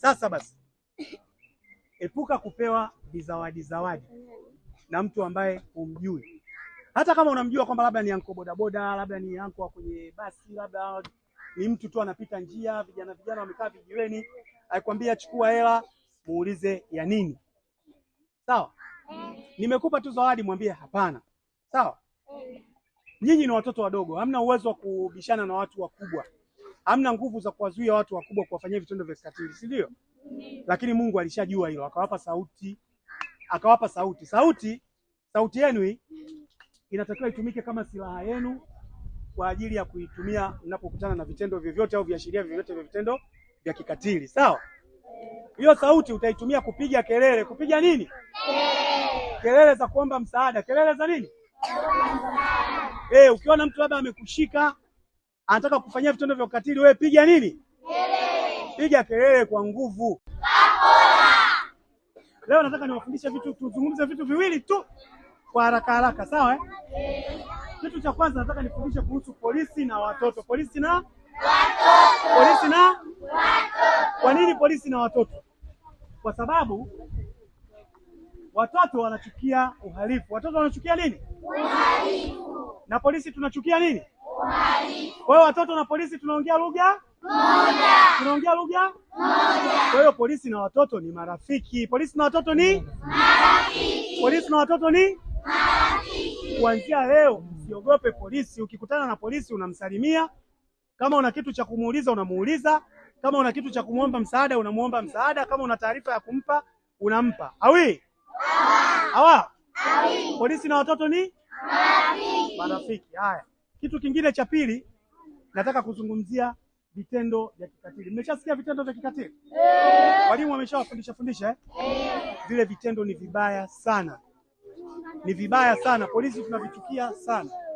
Sasa basi, epuka kupewa vizawadi zawadi na mtu ambaye humjui, hata kama unamjua kwamba labda ni anko bodaboda, labda ni anko kwenye basi, labda ni mtu tu anapita njia, vijana vijana wamekaa vijiweni, aikwambia chukua hela, muulize ya nini? Sawa, nimekupa tu zawadi, mwambie hapana. Sawa, nyinyi ni watoto wadogo, hamna uwezo wa kubishana na watu wakubwa hamna nguvu za kuwazuia watu wakubwa kuwafanyia vitendo vya kikatili, si ndio? Lakini Mungu alishajua hilo, akawapa sauti, akawapa sauti. Sauti sauti yenu hii inatakiwa itumike kama silaha yenu kwa ajili ya kuitumia mnapokutana na vitendo vyovyote au viashiria vyovyote vya vitendo vya kikatili, sawa? Hiyo sauti utaitumia kupiga kelele. Kupiga nini? Kelele za kuomba msaada, kelele za nini? Eh, ukiona mtu labda amekushika anataka kufanyia vitendo vya ukatili, wewe piga nini? Kelele. Piga kelele kwa nguvu. Leo nataka niwafundishe vitu, tuzungumze vitu viwili tu kwa haraka haraka, sawa eh? Kitu cha kwanza nataka nifundishe kuhusu polisi na watoto. Polisi na watoto. Polisi na watoto. Kwa nini polisi na watoto? Kwa sababu watoto wanachukia uhalifu. Watoto wanachukia nini? Uhalifu. Na polisi tunachukia nini? Kwa hiyo watoto na polisi tunaongea lugha moja, tunaongea lugha moja. Kwa hiyo polisi na watoto ni marafiki. Polisi na watoto ni marafiki. Polisi na watoto ni marafiki. Kuanzia leo usiogope polisi. Ukikutana na polisi unamsalimia, kama una kitu cha kumuuliza unamuuliza, kama una kitu cha kumuomba msaada unamuomba msaada, kama una taarifa ya kumpa unampa. Awi awa, awa. Polisi na watoto ni marafiki. Marafiki haya. Kitu kingine cha pili nataka kuzungumzia vitendo vya kikatili. Mmeshasikia vitendo vya kikatili? Yeah. Walimu wameshawafundisha fundisha eh? Yeah. Vile vitendo ni vibaya sana, ni vibaya sana. Polisi tunavichukia sana.